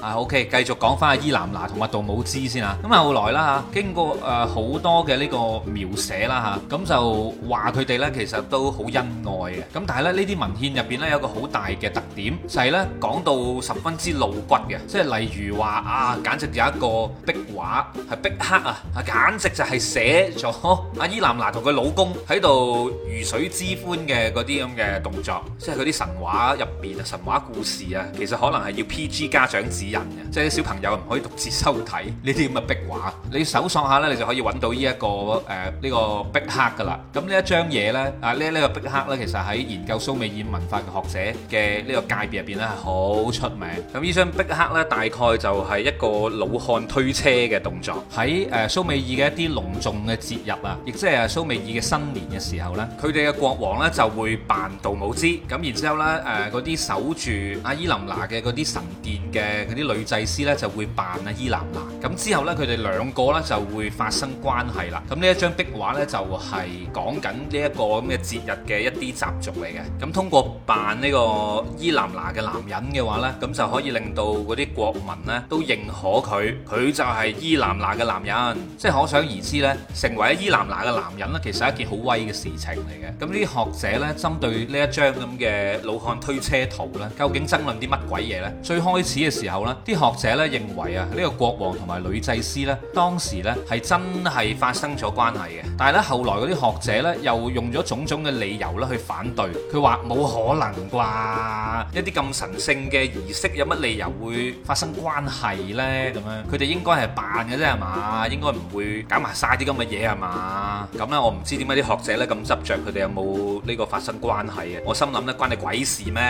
啊，OK，繼續講翻阿伊南娜同阿杜姆茲先啊，咁後來啦嚇，經過誒好多嘅呢個描寫啦嚇，咁就話佢哋呢其實都好恩愛嘅，咁但係咧呢啲文獻入面呢，有個好大嘅特點，就係呢講到十分之露骨嘅，即係例如話啊，簡直有一個，畫係壁刻啊，簡直就係寫咗阿伊南娜同佢老公喺度如水之歡嘅嗰啲咁嘅動作，即係嗰啲神話入邊神話故事啊。其實可能係要 PG 家長指引嘅，即係啲小朋友唔可以獨自收睇呢啲咁嘅壁畫。你搜索下咧，你就可以揾到呢一個誒呢個壁刻噶啦。咁呢一張嘢咧啊呢呢個壁刻咧，其實喺研究蘇美爾文化嘅學者嘅呢個界別入邊咧係好出名。咁呢張壁刻咧大概就係一個老漢推車。嘅動作喺誒、呃、蘇美爾嘅一啲隆重嘅節日啊，亦即係啊蘇美爾嘅新年嘅時候呢，佢哋嘅國王呢就會扮杜姆茲。咁然後、呃、之後呢，誒嗰啲守住阿伊南娜嘅嗰啲神殿嘅嗰啲女祭司呢就會扮阿伊南娜，咁之後呢，佢哋兩個呢就會發生關係啦。咁呢、就是、這這一張壁畫呢就係講緊呢一個咁嘅節日嘅一啲習俗嚟嘅。咁通過扮呢個伊南娜嘅男人嘅話呢，咁就可以令到嗰啲國民呢都認可佢，佢就係、是。伊南拿嘅男人，即係可想而知咧，成為伊南拿嘅男人咧，其實係一件好威嘅事情嚟嘅。咁呢啲學者咧，針對呢一張咁嘅老漢推車圖咧，究竟爭論啲乜鬼嘢咧？最開始嘅時候咧，啲學者咧認為啊，呢個國王同埋女祭司咧，當時咧係真係發生咗關係嘅。但係咧，後來嗰啲學者咧又用咗種種嘅理由咧去反對，佢話冇可能啩，一啲咁神聖嘅儀式有乜理由會發生關係咧？咁樣佢哋應該係。硬嘅啫係嘛，應該唔會搞埋晒啲咁嘅嘢係嘛，咁咧我唔知點解啲學者咧咁執着佢哋有冇呢個發生關係啊？我心諗咧，關你鬼事咩？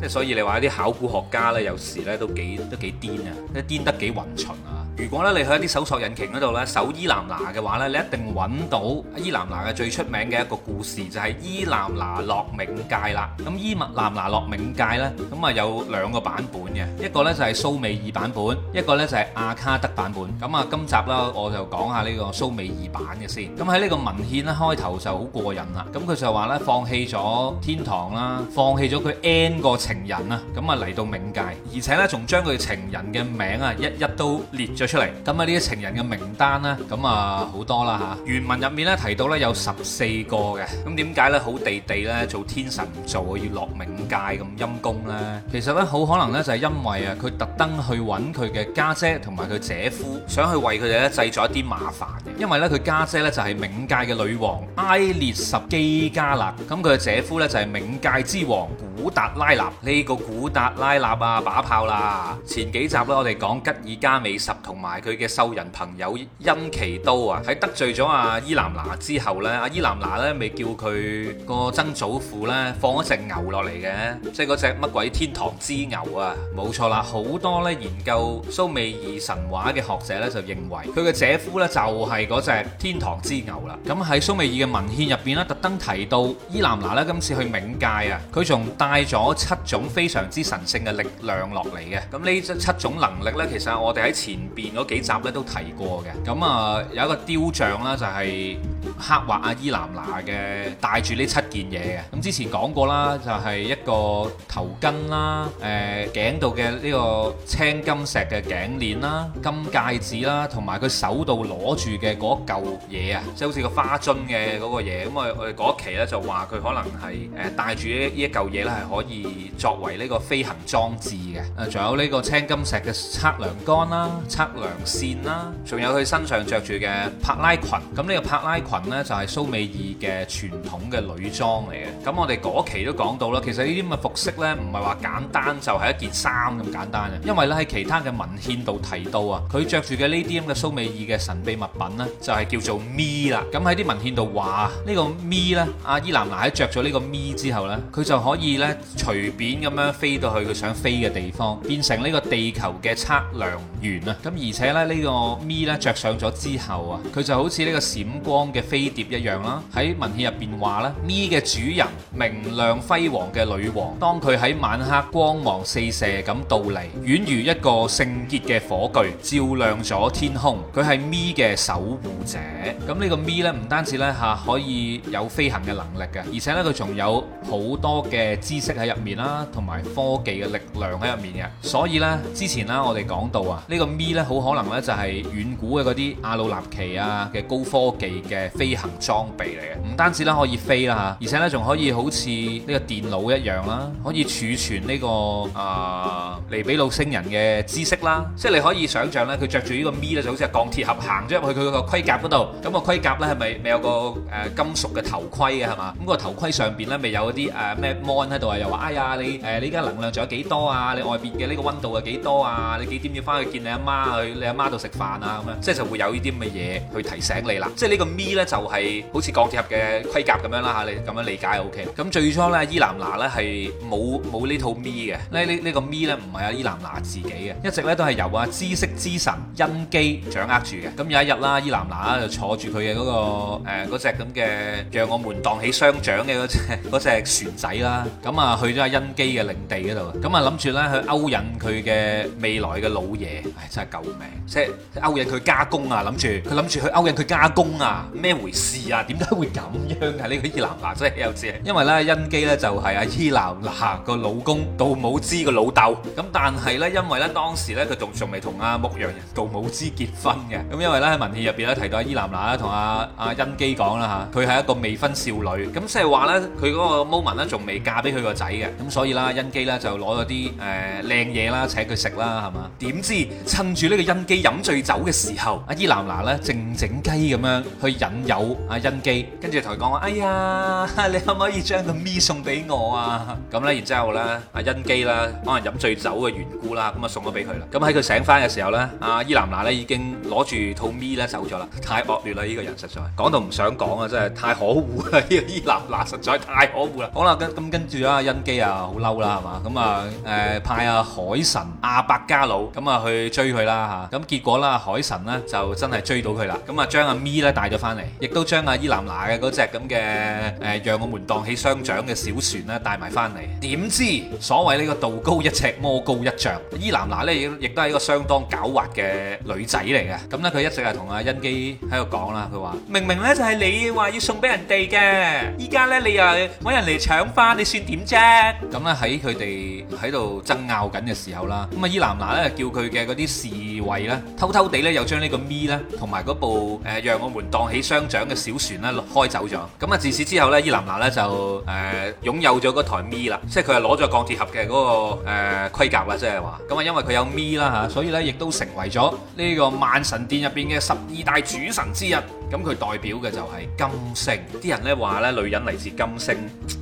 即係所以你話啲考古學家咧有時咧都幾都幾癲啊，啲癲得幾勻巡啊！如果咧你去一啲搜索引擎嗰度咧搜伊南娜嘅話咧，你一定揾到伊南娜嘅最出名嘅一個故事，就係伊南娜落冥界啦。咁伊墨南娜落冥界咧，咁啊有兩個版本嘅，一個咧就係蘇美爾版本，一個咧就係阿卡德版本。咁啊今集啦，我就講下呢個蘇美爾版嘅先。咁喺呢個文獻咧開頭就好過癮啦。咁佢就話咧放棄咗天堂啦，放棄咗佢 n 個情人啊，咁啊嚟到冥界，而且咧仲將佢情人嘅名啊一一都列出嚟咁啊！呢啲情人嘅名單呢，咁啊好多啦吓。原文入面咧提到咧有十四個嘅，咁點解咧好地地咧做天神做要落冥界咁陰功呢？其實咧好可能咧就係因為啊，佢特登去揾佢嘅家姐同埋佢姐夫，想去為佢哋咧製造一啲麻煩嘅。因為咧佢家姐咧就係冥界嘅女王埃列什基加勒，咁佢嘅姐夫咧就係冥界之王。古達拉納呢個古達拉納啊，把炮啦！前幾集咧，我哋講吉爾加美什同埋佢嘅獸人朋友恩奇都啊，喺得罪咗阿伊南娜之後咧，阿伊南娜咧咪叫佢個曾祖父咧放一隻牛落嚟嘅，即係嗰隻乜鬼天堂之牛啊！冇錯啦，好多咧研究蘇美爾神話嘅學者咧就認為佢嘅姐夫咧就係嗰隻天堂之牛啦。咁喺蘇美爾嘅文獻入邊咧，特登提到伊南娜咧今次去冥界啊，佢仲帶帶咗七種非常之神聖嘅力量落嚟嘅，咁呢七七種能力呢，其實我哋喺前邊嗰幾集咧都提過嘅，咁啊有一個雕像啦，就係、是。刻畫阿伊南娜嘅戴住呢七件嘢嘅，咁之前講過啦，就係、是、一個頭巾啦，誒頸度嘅呢個青金石嘅頸鏈啦、金戒指啦，同埋佢手度攞住嘅嗰嚿嘢啊，即、就、係、是、好似個花樽嘅嗰個嘢，咁啊我哋嗰期咧就話佢可能係誒戴住呢呢嚿嘢咧係可以作為呢個飛行裝置嘅，誒仲有呢個青金石嘅測量杆啦、測量線啦，仲有佢身上着住嘅柏拉裙，咁、這、呢個柏拉裙。咧就係蘇美爾嘅傳統嘅女裝嚟嘅，咁我哋嗰期都講到啦。其實呢啲咁嘅服飾呢，唔係話簡單就係一件衫咁簡單嘅，因為咧喺其他嘅文獻度提到啊，佢着住嘅呢啲咁嘅蘇美爾嘅神秘物品呢，就係叫做咪啦。咁喺啲文獻度話呢個咪呢，阿伊南娜喺着咗呢個咪之後呢，佢就可以呢隨便咁樣飛到去佢想飛嘅地方，變成呢個地球嘅測量員啊。咁而且咧呢個咪呢着上咗之後啊，佢就好似呢個閃光嘅飛碟一樣啦，喺文獻入邊話咧，咪嘅主人明亮輝煌嘅女王，當佢喺晚黑光芒四射咁到嚟，宛如一個聖潔嘅火炬，照亮咗天空。佢係咪嘅守護者？咁、這、呢個咪呢，唔單止呢，嚇可以有飛行嘅能力嘅，而且呢佢仲有好多嘅知識喺入面啦，同埋科技嘅力量喺入面嘅。所以呢，之前啦我哋講到啊，呢、這個咪呢，好可能呢就係遠古嘅嗰啲阿努納奇啊嘅高科技嘅。飛行裝備嚟嘅，唔單止啦可以飛啦嚇，而且咧仲可以好似呢個電腦一樣啦，可以儲存呢、這個啊尼比魯星人嘅知識啦。即係你可以想象咧，佢着住呢個咪咧，就好似係鋼鐵俠行咗入去佢個個盔甲嗰度。咁個盔甲咧係咪咪有個金屬嘅頭盔嘅係嘛？咁個頭盔上面咧咪有嗰啲誒咩 mon 喺度啊？又話哎呀你誒、呃、你依家能量仲有幾多啊？你外邊嘅呢個溫度係幾多啊？你幾點要翻去見你阿媽去你阿媽度食飯啊？咁樣即係就會有呢啲咁嘅嘢去提醒你啦。即係呢個咪咧。就係、是、好似鋼鐵俠嘅盔甲咁樣啦嚇，你咁樣理解 OK 啦。咁最初呢，伊南娜呢係冇冇呢套咪嘅。呢呢呢個咪呢唔係阿伊南娜自己嘅，一直咧都係由啊知識之神恩基掌握住嘅。咁有一日啦，伊南娜就坐住佢嘅嗰個嗰隻咁嘅讓我們盪起雙槳嘅嗰隻隻船仔啦，咁啊去咗阿恩基嘅領地嗰度，咁啊諗住呢去勾引佢嘅未來嘅老爺，唉、哎、真係救命！即係勾引佢家，家公啊，諗住佢諗住去勾引佢家公啊，咩回事啊？點解會咁樣嘅？呢個伊南娜真係有字，因為咧，恩基咧就係阿伊南娜個老公杜姆茲個老豆。咁但係咧，因為咧當時咧佢仲仲未同阿牧羊人杜姆茲結婚嘅。咁因為咧喺文獻入邊咧提到阿伊南娜咧同阿阿恩基講啦嚇，佢係一個未婚少女。咁即係話咧佢嗰個 moment 咧仲未嫁俾佢個仔嘅。咁所以啦，恩基咧就攞咗啲誒靚嘢啦，請佢食啦，係嘛？點知趁住呢個恩基飲醉酒嘅時候，阿伊南娜咧靜靜雞咁樣去引引。有、啊、阿欣基，跟住同佢講話，哎呀，你可唔可以將個咪送俾我啊？咁 呢，然之後咧，阿欣基啦，可能飲醉酒嘅緣故啦，咁啊送咗俾佢啦。咁喺佢醒翻嘅時候呢，阿、啊、伊南娜呢已經攞住套咪咧走咗啦， 太惡劣啦！呢、這個人實在講到唔想講啊，真係太可惡啦！呢 個伊南娜實在太可惡啦。好啦，咁跟住啊，欣基、呃、啊，啊，好嬲啦，係嘛？咁啊，誒派阿海神阿伯加魯咁啊去追佢啦吓。咁結果啦，海神呢就真係追到佢啦，咁啊將阿咪咧帶咗翻嚟。亦都將阿伊南娜嘅嗰隻咁嘅誒，讓我們盪起雙槳嘅小船咧，帶埋翻嚟。點知所謂呢個道高一尺，魔高一丈，伊南娜咧亦亦都係一個相當狡猾嘅女仔嚟嘅。咁咧，佢一直係同阿恩基喺度講啦。佢話：明明咧就係你話要送俾人哋嘅，依家咧你又揾人嚟搶翻，你算點啫？咁咧喺佢哋喺度爭拗緊嘅時候啦，咁阿伊南娜咧叫佢嘅嗰啲侍。位啦，偷偷地咧又將呢個咪啦，同埋嗰部誒讓我們蕩起雙掌嘅小船啦開走咗。咁啊，自此之後咧，伊南娜咧就誒擁、呃、有咗嗰台咪啦、那個呃，即係佢係攞咗鋼鐵俠嘅嗰個誒盔甲啦，即係話。咁啊，因為佢有咪啦嚇，所以咧亦都成為咗呢個萬神殿入邊嘅十二大主神之一。咁佢代表嘅就係金星，啲人咧話咧女人嚟自金星，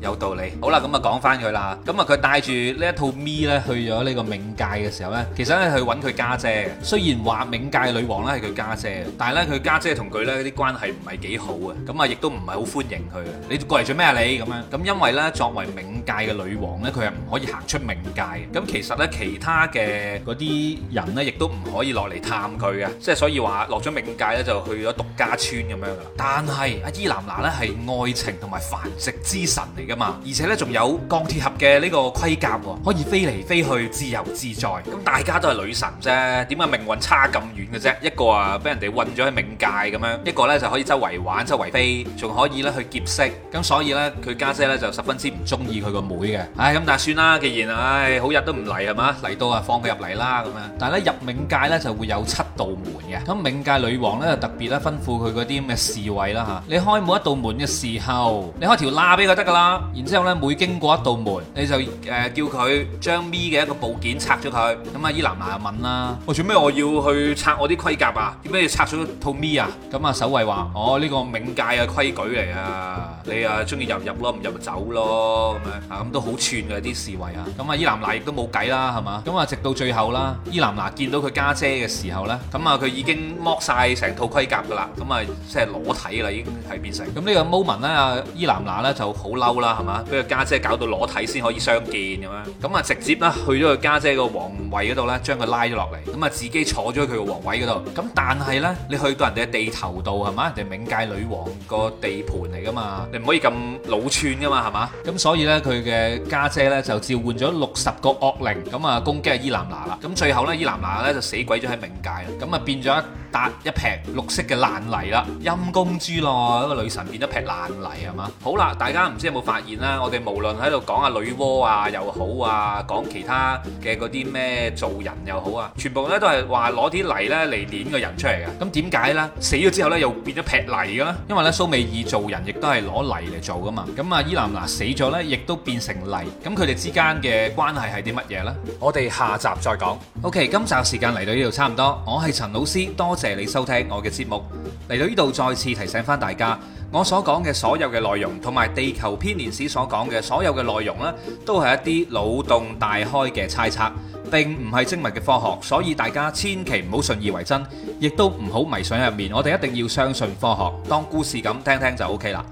有道理。好啦，咁啊講翻佢啦，咁啊佢帶住呢一套咪咧去咗呢個冥界嘅時候咧，其實咧去揾佢家姐。雖然話冥界女王咧係佢家姐，但係咧佢家姐同佢咧啲關係唔係幾好啊。咁啊亦都唔係好歡迎佢啊。你過嚟做咩啊你咁樣？咁因為咧作為冥界嘅女王咧，佢係唔可以行出冥界嘅。咁其實咧其他嘅嗰啲人咧，亦都唔可以落嚟探佢啊。即係所以話落咗冥界咧，就去咗獨家村。咁樣噶啦，但係阿伊南娜咧係愛情同埋繁殖之神嚟噶嘛，而且咧仲有鋼鐵俠嘅呢個盔甲喎，可以飛嚟飛去自由自在。咁大家都係女神啫，點解命運差咁遠嘅啫？一個啊，俾人哋困咗喺冥界咁樣，一個咧就可以周圍玩、周圍飛，仲可以咧去劫色。咁所以咧，佢家姐咧就十分之唔中意佢個妹嘅。唉，咁但係算啦，既然唉好日都唔嚟係嘛，嚟到啊放佢入嚟啦咁樣。但係咧入冥界咧就會有七道門嘅。咁冥界女王咧就特別咧吩咐佢。嗰啲咁嘅侍衛啦嚇，你開每一道門嘅時候，你開條罅俾佢得噶啦。然之後咧，每經過一道門，你就誒、呃、叫佢將咪嘅一個部件拆咗佢。咁啊，伊南娜就問啦：我做咩我要去拆我啲盔甲啊？做咩要拆咗套咪 e 啊？咁啊，守衛話：哦，呢、這個冥界嘅規矩嚟啊，你啊中意入不入咯，唔入就走咯咁樣嚇，咁都好串嘅啲侍衛啊。咁啊，啊啊伊南娜亦都冇計啦，係嘛？咁啊，直到最後啦，伊南娜見到佢家姐嘅時候咧，咁啊，佢已經剝晒成套盔甲㗎啦，咁啊～即係裸體啦，已經係變成咁呢個 moment 呢，阿伊南娜呢就好嬲啦，係嘛？俾個家姐搞到裸體先可以相見咁樣。咁啊，就直接啦去咗個家姐個皇位嗰度呢，將佢拉咗落嚟。咁啊，自己坐咗佢個皇位嗰度。咁但係呢，你去到人哋嘅地頭度，係嘛？人哋冥界女王個地盤嚟噶嘛，你唔可以咁老串噶嘛，係嘛？咁所以呢，佢嘅家姐呢就召喚咗六十個惡靈，咁啊，攻擊阿伊南娜啦。咁最後呢，伊南娜呢就死鬼咗喺冥界啦。咁啊，變咗一笪一撇綠色嘅爛泥啦。陰公豬咯，一個女神變咗劈爛泥係嘛？好啦，大家唔知有冇發現啦？我哋無論喺度講下女媧啊又好啊，講其他嘅嗰啲咩做人又好啊，全部咧都係話攞啲泥咧嚟點個人出嚟噶。咁點解咧？死咗之後咧又變咗劈泥噶咧？因為咧蘇美爾做人亦都係攞泥嚟做噶嘛。咁啊，伊南娜死咗咧，亦都變成泥。咁佢哋之間嘅關係係啲乜嘢咧？我哋下集再講。OK，今集時間嚟到呢度差唔多。我係陳老師，多謝你收聽我嘅節目嚟到。呢度再次提醒翻大家，我所講嘅所有嘅內容，同埋地球編年史所講嘅所有嘅內容呢都係一啲腦洞大開嘅猜測，並唔係精密嘅科學，所以大家千祈唔好信以為真，亦都唔好迷信入面。我哋一定要相信科學，當故事咁聽聽就 OK 啦。